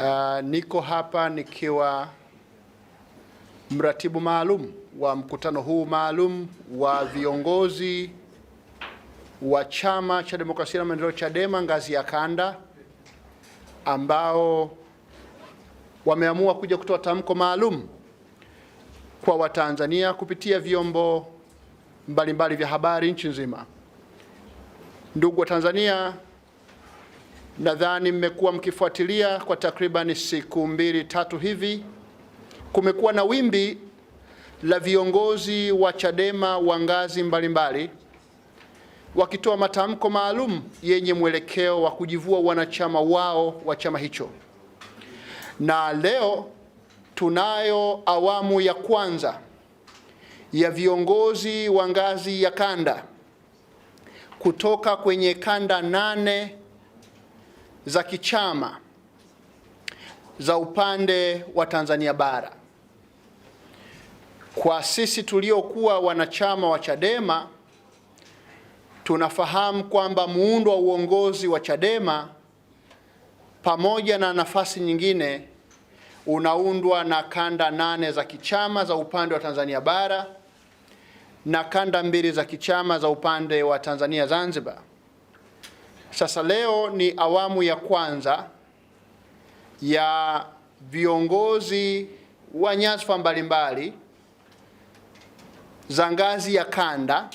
Uh, niko hapa nikiwa mratibu maalum wa mkutano huu maalum wa viongozi wa Chama cha Demokrasia na Maendeleo Chadema ngazi ya kanda ambao wameamua kuja kutoa tamko maalum kwa Watanzania kupitia vyombo mbalimbali vya habari nchi nzima. Ndugu wa Tanzania Nadhani mmekuwa mkifuatilia kwa takribani siku mbili tatu hivi, kumekuwa na wimbi la viongozi wa Chadema wa ngazi mbalimbali wakitoa matamko maalum yenye mwelekeo wa kujivua wanachama wao wa chama hicho, na leo tunayo awamu ya kwanza ya viongozi wa ngazi ya kanda kutoka kwenye kanda nane za kichama za upande wa Tanzania bara. Kwa sisi tuliokuwa wanachama wa Chadema tunafahamu kwamba muundo wa uongozi wa Chadema pamoja na nafasi nyingine unaundwa na kanda nane za kichama za upande wa Tanzania bara na kanda mbili za kichama za upande wa Tanzania Zanzibar. Sasa leo ni awamu ya kwanza ya viongozi wa nyadhifa mbalimbali za ngazi ya kanda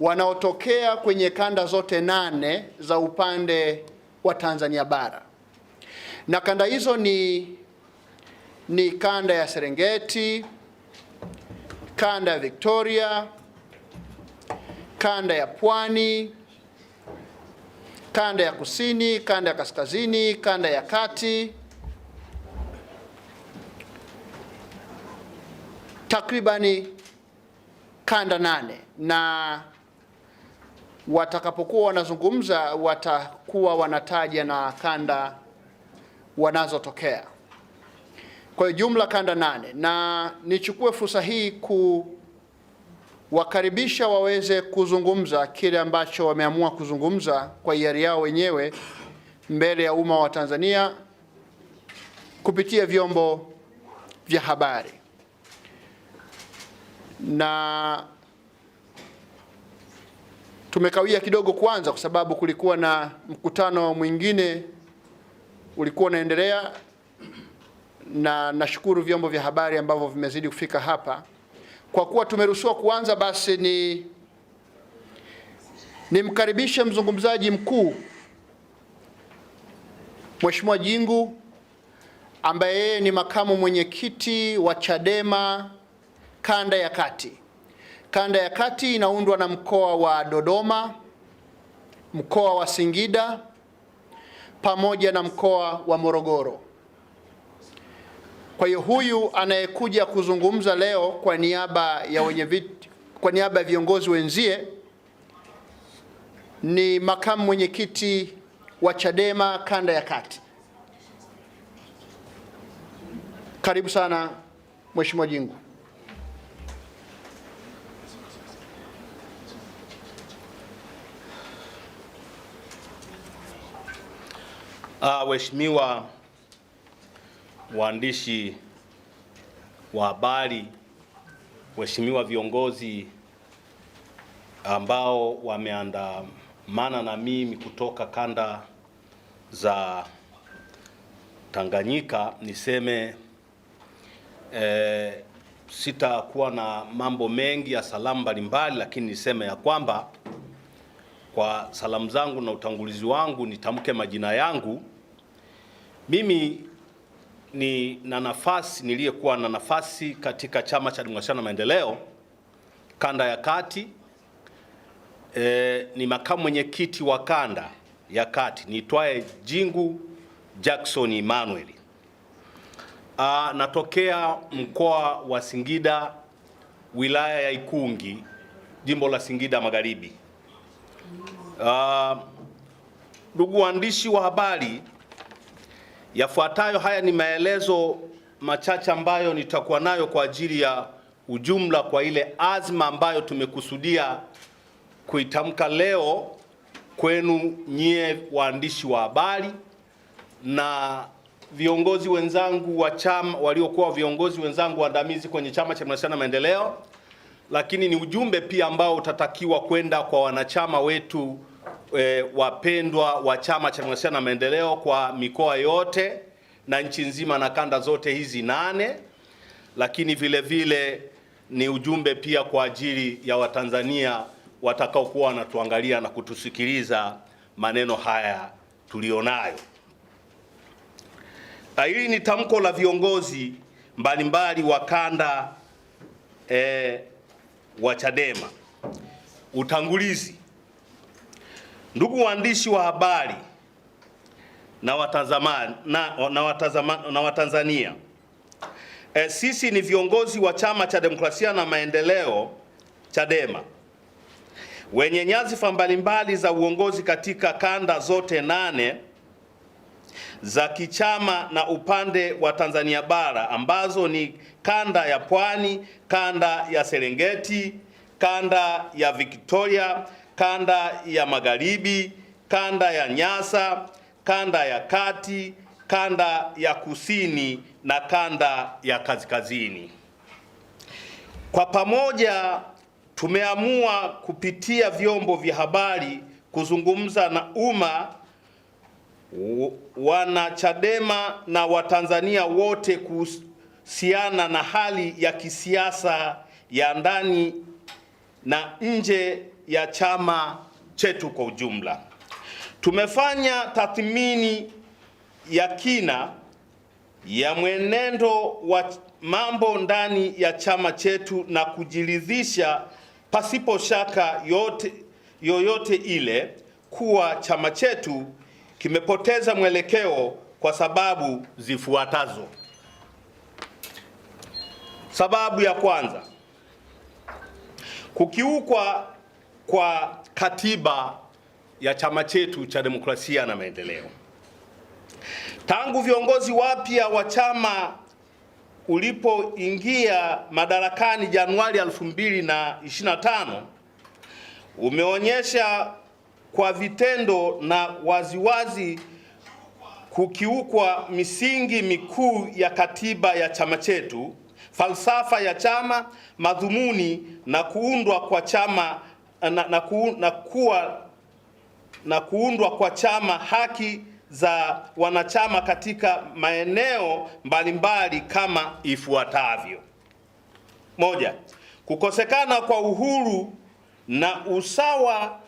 wanaotokea kwenye kanda zote nane za upande wa Tanzania bara. Na kanda hizo ni ni kanda ya Serengeti, kanda ya Victoria, kanda ya Pwani kanda ya kusini, kanda ya kaskazini, kanda ya kati, takribani kanda nane, na watakapokuwa wanazungumza watakuwa wanataja na kanda wanazotokea. Kwa hiyo jumla kanda nane, na nichukue fursa hii ku wakaribisha waweze kuzungumza kile ambacho wameamua kuzungumza kwa hiari yao wenyewe mbele ya umma wa Tanzania kupitia vyombo vya habari. Na tumekawia kidogo kwanza, kwa sababu kulikuwa na mkutano mwingine ulikuwa unaendelea, na nashukuru vyombo vya habari ambavyo vimezidi kufika hapa. Kwa kuwa tumeruhusiwa kuanza, basi ni nimkaribishe mzungumzaji mkuu Mheshimiwa Jingu ambaye yeye ni makamu mwenyekiti wa Chadema kanda ya kati. Kanda ya kati inaundwa na mkoa wa Dodoma, mkoa wa Singida pamoja na mkoa wa Morogoro. Kwa hiyo huyu anayekuja kuzungumza leo kwa niaba ya wenye viti, kwa niaba ya viongozi wenzie ni makamu mwenyekiti wa Chadema kanda ya kati. Karibu sana Mheshimiwa Jingu. Waheshimiwa ah, waandishi wa habari, waheshimiwa viongozi ambao wameandamana na mimi kutoka kanda za Tanganyika, niseme e, sitakuwa na mambo mengi ya salamu mbalimbali, lakini niseme ya kwamba kwa salamu zangu na utangulizi wangu nitamke majina yangu. Mimi ni na nafasi niliyekuwa na nafasi katika chama cha Demokrasia na Maendeleo kanda ya kati e, ni makamu mwenyekiti wa kanda ya kati niitwaye Jingu Jackson Emmanuel. A, natokea mkoa wa Singida wilaya ya Ikungi jimbo la Singida Magharibi. Ndugu waandishi wa habari Yafuatayo haya ni maelezo machache ambayo nitakuwa nayo kwa ajili ya ujumla kwa ile azma ambayo tumekusudia kuitamka leo kwenu nyie waandishi wa habari na viongozi wenzangu wa chama waliokuwa viongozi wenzangu waandamizi kwenye Chama cha Mwanasheria na Maendeleo, lakini ni ujumbe pia ambao utatakiwa kwenda kwa wanachama wetu e, wapendwa wa Chama cha Mawasiliano na Maendeleo kwa mikoa yote na nchi nzima na kanda zote hizi nane, lakini vile vile ni ujumbe pia kwa ajili ya Watanzania watakaokuwa wanatuangalia na kutusikiliza maneno haya tulionayo. Hili ni tamko la viongozi mbalimbali wa kanda e, wa Chadema. Utangulizi. Ndugu waandishi wa habari na watazama, na, na, watazama, na Watanzania e, sisi ni viongozi wa Chama cha Demokrasia na Maendeleo Chadema wenye nyadhifa mbalimbali za uongozi katika kanda zote nane za kichama na upande wa Tanzania bara ambazo ni kanda ya Pwani, kanda ya Serengeti, kanda ya Victoria kanda ya magharibi, kanda ya Nyasa, kanda ya kati, kanda ya kusini na kanda ya kaskazini. Kwa pamoja tumeamua kupitia vyombo vya habari kuzungumza na umma, wanachadema na Watanzania wote kuhusiana na hali ya kisiasa ya ndani na nje ya chama chetu kwa ujumla. Tumefanya tathmini ya kina ya mwenendo wa mambo ndani ya chama chetu na kujiridhisha pasipo shaka yote, yoyote ile kuwa chama chetu kimepoteza mwelekeo kwa sababu zifuatazo. Sababu ya kwanza, kukiukwa kwa katiba ya chama chetu cha Demokrasia na Maendeleo. Tangu viongozi wapya wa chama ulipoingia madarakani Januari 2025 umeonyesha kwa vitendo na waziwazi kukiukwa misingi mikuu ya katiba ya chama chetu, falsafa ya chama, madhumuni na kuundwa kwa chama Eh, na, na, ku, na kuwa na kuundwa kwa chama haki za wanachama katika maeneo mbalimbali kama ifuatavyo: moja, kukosekana kwa uhuru na usawa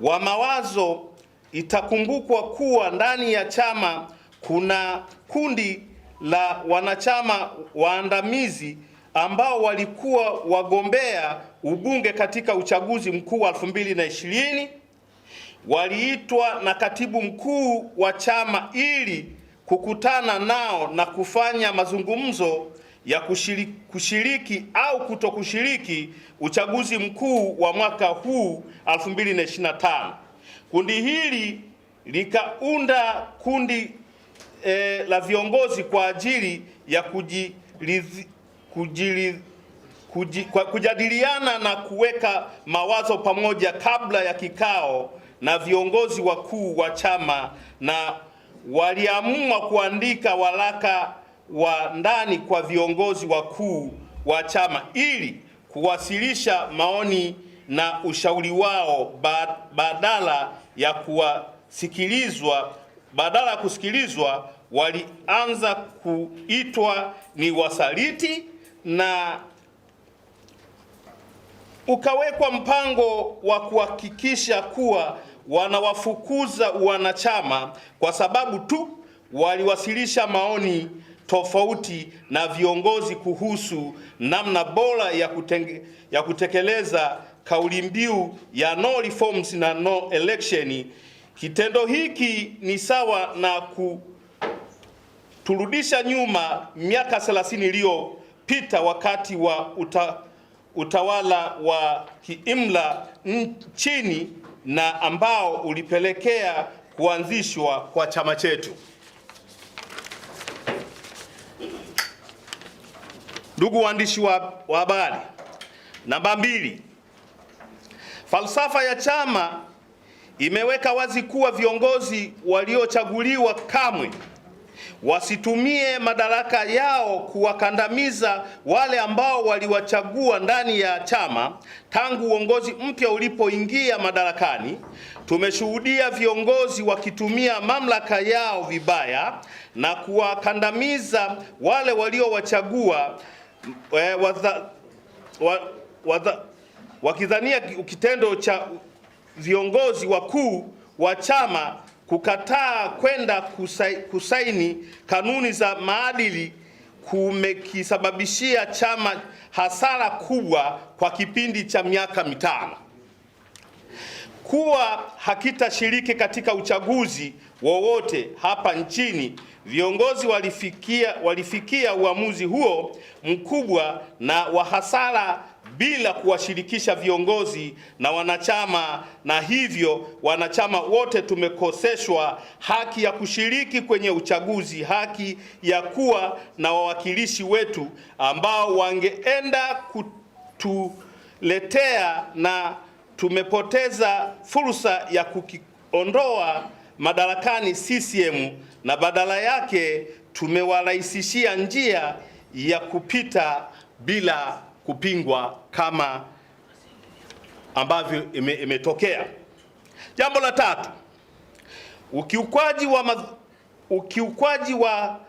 wa mawazo. Itakumbukwa kuwa ndani ya chama kuna kundi la wanachama waandamizi ambao walikuwa wagombea ubunge katika uchaguzi mkuu wa 2020 waliitwa na katibu mkuu wa chama ili kukutana nao na kufanya mazungumzo ya kushiriki, kushiriki au kutokushiriki uchaguzi mkuu wa mwaka huu 2025. Kundi hili likaunda kundi eh, la viongozi kwa ajili ya kujiridhi kujili, kwa, kujadiliana na kuweka mawazo pamoja kabla ya kikao na viongozi wakuu wa chama na waliamua kuandika waraka wa ndani kwa viongozi wakuu wa chama ili kuwasilisha maoni na ushauri wao badala ya kuwasikilizwa. Badala ya kusikilizwa, walianza kuitwa ni wasaliti na ukawekwa mpango wa kuhakikisha kuwa wanawafukuza wanachama kwa sababu tu waliwasilisha maoni tofauti na viongozi kuhusu namna bora ya, kutenge, ya kutekeleza kauli mbiu ya no reforms na no election. Kitendo hiki ni sawa na kuturudisha nyuma miaka 30 iliyo pita wakati wa uta, utawala wa kiimla nchini na ambao ulipelekea kuanzishwa kwa chama chetu. Ndugu waandishi wa habari, namba mbili, falsafa ya chama imeweka wazi kuwa viongozi waliochaguliwa kamwe wasitumie madaraka yao kuwakandamiza wale ambao waliwachagua ndani ya chama. Tangu uongozi mpya ulipoingia madarakani, tumeshuhudia viongozi wakitumia mamlaka yao vibaya na kuwakandamiza wale waliowachagua e, wa, wakidhania kitendo cha viongozi wakuu wa chama Kukataa kwenda kusaini kanuni za maadili kumekisababishia chama hasara kubwa kwa kipindi cha miaka mitano. Kuwa hakitashiriki katika uchaguzi wowote hapa nchini Viongozi walifikia, walifikia uamuzi huo mkubwa na wa hasara bila kuwashirikisha viongozi na wanachama, na hivyo wanachama wote tumekoseshwa haki ya kushiriki kwenye uchaguzi, haki ya kuwa na wawakilishi wetu ambao wangeenda kutuletea, na tumepoteza fursa ya kukiondoa madarakani CCM na badala yake tumewarahisishia njia ya kupita bila kupingwa kama ambavyo imetokea. Ime jambo la tatu, ukiukwaji wa madh, ukiukwaji wa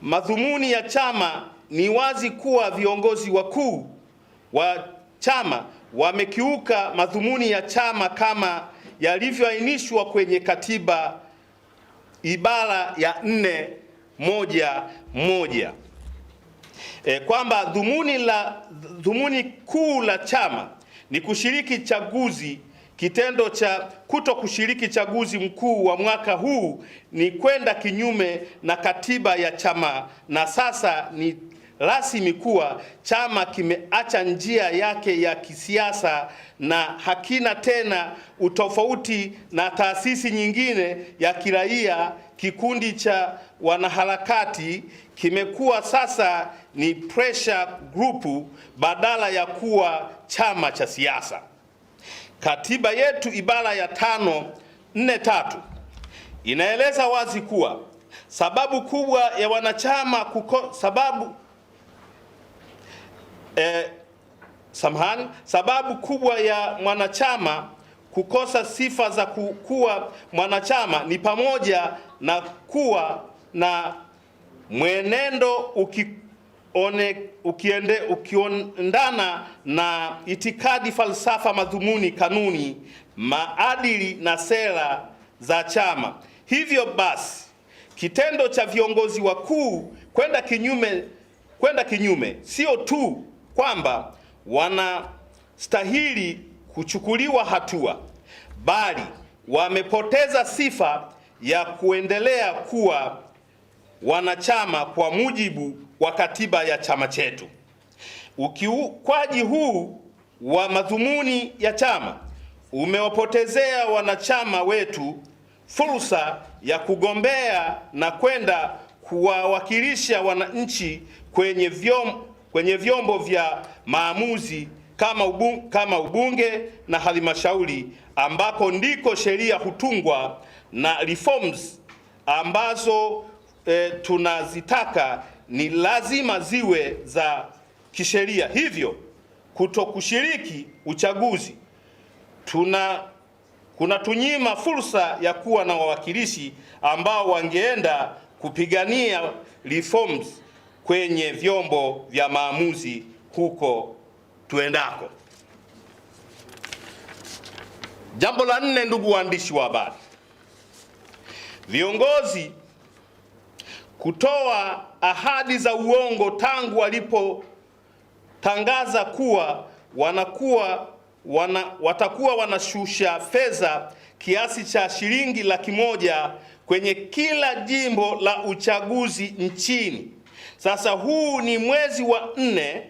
madhumuni ya chama. Ni wazi kuwa viongozi wakuu wa chama wamekiuka madhumuni ya chama kama yalivyoainishwa kwenye katiba ibara ya nne moja moja e, kwamba dhumuni la dhumuni kuu la chama ni kushiriki chaguzi. Kitendo cha kuto kushiriki chaguzi mkuu wa mwaka huu ni kwenda kinyume na katiba ya chama na sasa ni rasmi kuwa chama kimeacha njia yake ya kisiasa na hakina tena utofauti na taasisi nyingine ya kiraia. Kikundi cha wanaharakati kimekuwa sasa ni pressure group badala ya kuwa chama cha siasa. Katiba yetu ibara ya tano nne tatu inaeleza wazi kuwa sababu kubwa ya wanachama kuko, sababu e, samahani, sababu kubwa ya mwanachama kukosa sifa za kuwa mwanachama ni pamoja na kuwa na mwenendo One, ukiende, ukiondana na itikadi, falsafa, madhumuni, kanuni, maadili na sera za chama. Hivyo basi kitendo cha viongozi wakuu kwenda kinyume kwenda kinyume sio tu kwamba wanastahili kuchukuliwa hatua, bali wamepoteza sifa ya kuendelea kuwa wanachama kwa mujibu wa katiba ya chama chetu. Ukiukwaji huu wa madhumuni ya chama umewapotezea wanachama wetu fursa ya kugombea na kwenda kuwawakilisha wananchi kwenye vyom, kwenye vyombo vya maamuzi kama ubunge, kama ubunge na halmashauri ambako ndiko sheria hutungwa na reforms ambazo e, tunazitaka ni lazima ziwe za kisheria. Hivyo kutokushiriki uchaguzi tuna kunatunyima fursa ya kuwa na wawakilishi ambao wangeenda kupigania reforms kwenye vyombo vya maamuzi huko tuendako. Jambo la nne, ndugu waandishi wa habari, viongozi kutoa ahadi za uongo tangu walipotangaza kuwa wanakuwa wana, watakuwa wanashusha fedha kiasi cha shilingi laki moja kwenye kila jimbo la uchaguzi nchini sasa huu ni mwezi wa nne,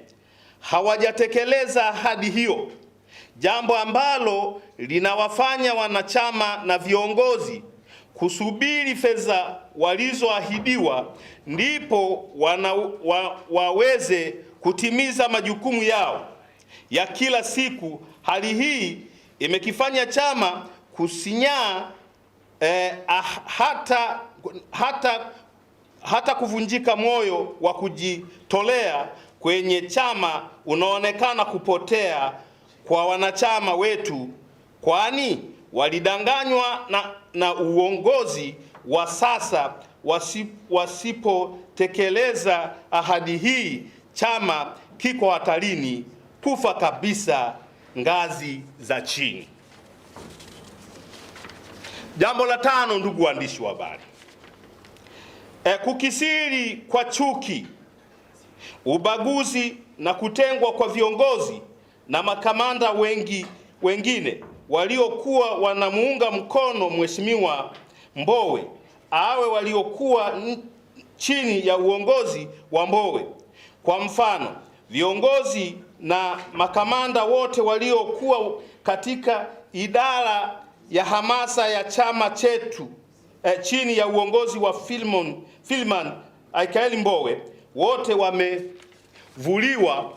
hawajatekeleza ahadi hiyo, jambo ambalo linawafanya wanachama na viongozi kusubiri fedha walizoahidiwa, ndipo wana, wa, waweze kutimiza majukumu yao ya kila siku. Hali hii imekifanya chama kusinyaa eh, ah, hata, hata hata kuvunjika moyo wa kujitolea kwenye chama unaonekana kupotea kwa wanachama wetu, kwani walidanganywa na, na uongozi wa sasa. Wasipotekeleza ahadi hii, chama kiko hatarini kufa kabisa ngazi za chini. Jambo la tano, ndugu waandishi wa habari e, kukisiri kwa chuki, ubaguzi na kutengwa kwa viongozi na makamanda wengi wengine waliokuwa wanamuunga mkono Mheshimiwa Mbowe awe waliokuwa chini ya uongozi wa Mbowe. Kwa mfano, viongozi na makamanda wote waliokuwa katika idara ya hamasa ya chama chetu eh, chini ya uongozi wa Filmon, Filman Aikaeli Mbowe wote wamevuliwa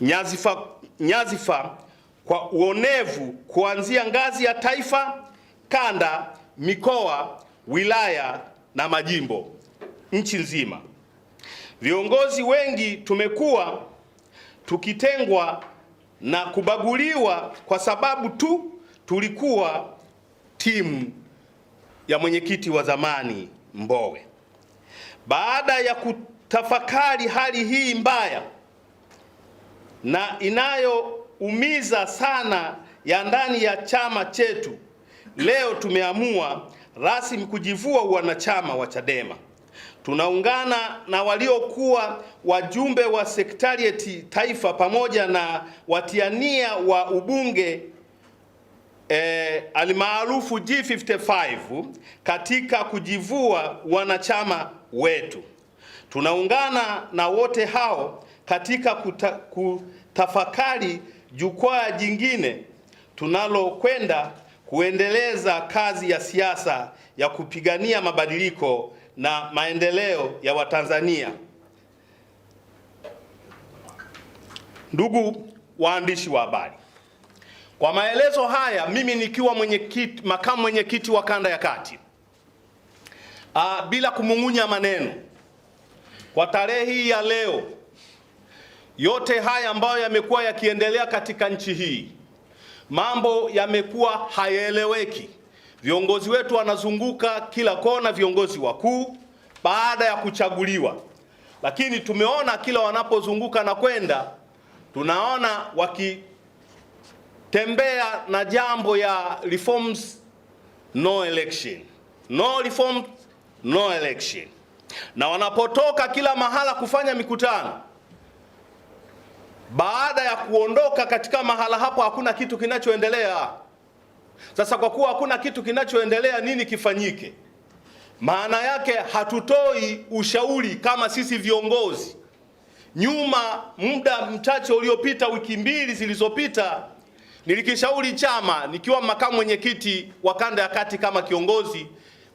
nyazifa, nyazifa kwa uonevu kuanzia ngazi ya taifa, kanda, mikoa, wilaya na majimbo nchi nzima. Viongozi wengi tumekuwa tukitengwa na kubaguliwa kwa sababu tu tulikuwa timu ya mwenyekiti wa zamani Mbowe. Baada ya kutafakari hali hii mbaya na inayoumiza sana ya ndani ya chama chetu, leo tumeamua rasmi kujivua wanachama wa Chadema. Tunaungana na waliokuwa wajumbe wa sekretarieti taifa pamoja na watiania wa ubunge eh, almaarufu G55 katika kujivua wanachama wetu. Tunaungana na wote hao katika kuta, kutafakari jukwaa jingine tunalokwenda kuendeleza kazi ya siasa ya kupigania mabadiliko na maendeleo ya Watanzania. Ndugu waandishi wa habari, kwa maelezo haya, mimi nikiwa mwenyekiti, makamu mwenyekiti wa kanda ya kati, aa, ah, bila kumung'unya maneno, kwa tarehe hii ya leo, yote haya ambayo yamekuwa yakiendelea katika nchi hii, mambo yamekuwa hayaeleweki. Viongozi wetu wanazunguka kila kona, viongozi wakuu baada ya kuchaguliwa, lakini tumeona kila wanapozunguka na kwenda tunaona waki tembea na jambo ya reforms no election, no reforms no election. Na wanapotoka kila mahala kufanya mikutano, baada ya kuondoka katika mahala hapo, hakuna kitu kinachoendelea. Sasa kwa kuwa hakuna kitu kinachoendelea, nini kifanyike? Maana yake hatutoi ushauri kama sisi viongozi. Nyuma, muda mchache uliopita, wiki mbili zilizopita Nilikishauri chama nikiwa makamu mwenyekiti wa kanda ya kati kama kiongozi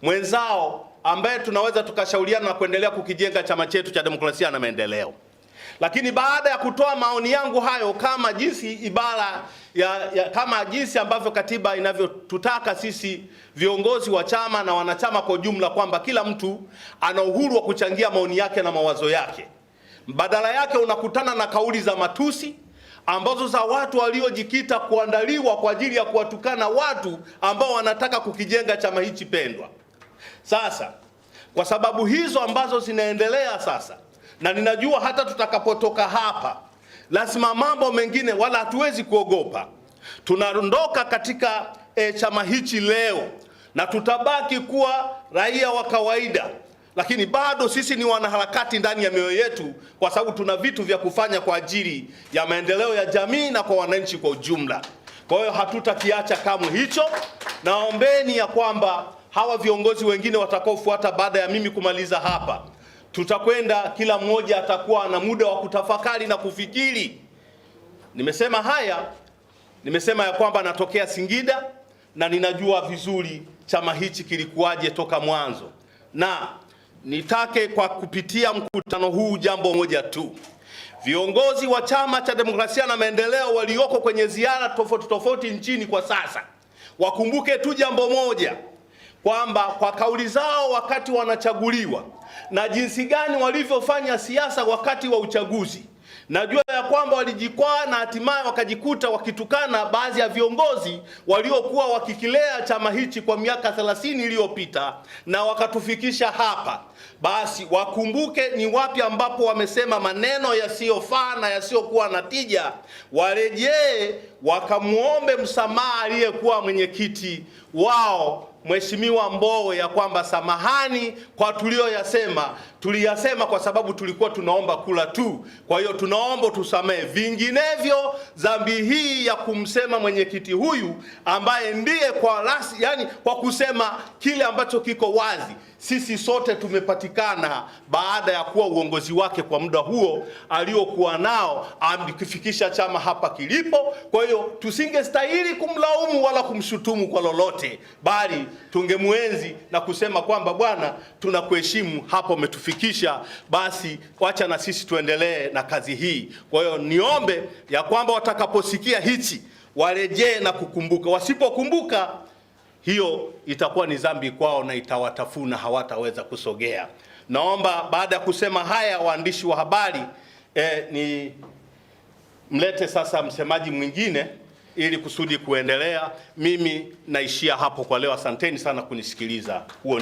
mwenzao ambaye tunaweza tukashauriana na kuendelea kukijenga chama chetu cha demokrasia na maendeleo. Lakini baada ya kutoa maoni yangu hayo kama jinsi ibara ya, ya, kama jinsi ambavyo katiba inavyotutaka sisi viongozi wa chama na wanachama kwa ujumla kwamba kila mtu ana uhuru wa kuchangia maoni yake na mawazo yake. Badala yake unakutana na kauli za matusi ambazo za watu waliojikita kuandaliwa kwa ajili ya kuwatukana watu ambao wanataka kukijenga chama hichi pendwa. Sasa kwa sababu hizo ambazo zinaendelea sasa, na ninajua hata tutakapotoka hapa lazima mambo mengine, wala hatuwezi kuogopa. Tunaondoka katika e, chama hichi leo na tutabaki kuwa raia wa kawaida lakini bado sisi ni wanaharakati ndani ya mioyo yetu, kwa sababu tuna vitu vya kufanya kwa ajili ya maendeleo ya jamii na kwa wananchi kwa ujumla. Kwa hiyo hatutakiacha kamwe hicho. Naombeni ya kwamba hawa viongozi wengine watakaofuata baada ya mimi kumaliza hapa, tutakwenda kila mmoja atakuwa na muda wa kutafakari na kufikiri. Nimesema haya, nimesema ya kwamba natokea Singida na ninajua vizuri chama hichi kilikuwaje toka mwanzo na Nitake kwa kupitia mkutano huu jambo moja tu. Viongozi wa Chama cha Demokrasia na Maendeleo walioko kwenye ziara tofauti tofauti nchini kwa sasa wakumbuke tu jambo moja, kwamba kwa kauli zao wakati wanachaguliwa na jinsi gani walivyofanya siasa wakati wa uchaguzi Najua ya kwamba walijikwaa na hatimaye wakajikuta wakitukana baadhi ya viongozi waliokuwa wakikilea chama hichi kwa miaka 30 iliyopita na wakatufikisha hapa. Basi wakumbuke ni wapi ambapo wamesema maneno yasiyofaa na yasiyokuwa na tija, warejee wakamwombe msamaha aliyekuwa mwenyekiti wao Mheshimiwa Mbowe ya kwamba samahani kwa tuliyoyasema tuliyasema kwa sababu tulikuwa tunaomba kula tu. Kwa hiyo tunaomba tusamehe, vinginevyo dhambi hii ya kumsema mwenyekiti huyu ambaye ndiye kwa rasi, yani kwa kusema kile ambacho kiko wazi, sisi sote tumepatikana baada ya kuwa uongozi wake kwa muda huo aliokuwa nao amkifikisha chama hapa kilipo. Kwa hiyo tusingestahili kumlaumu wala kumshutumu kwa lolote, bali tungemwenzi na kusema kwamba bwana, tunakuheshimu hapo umetufika kufikisha, basi wacha na sisi tuendelee na kazi hii. Kwa hiyo niombe ya kwamba watakaposikia hichi warejee na kukumbuka, wasipokumbuka hiyo itakuwa ni dhambi kwao na itawatafuna, hawataweza kusogea. Naomba baada ya kusema haya, waandishi wa habari e, ni mlete sasa msemaji mwingine ili kusudi kuendelea. Mimi naishia hapo kwa leo, asanteni sana kunisikiliza. Huo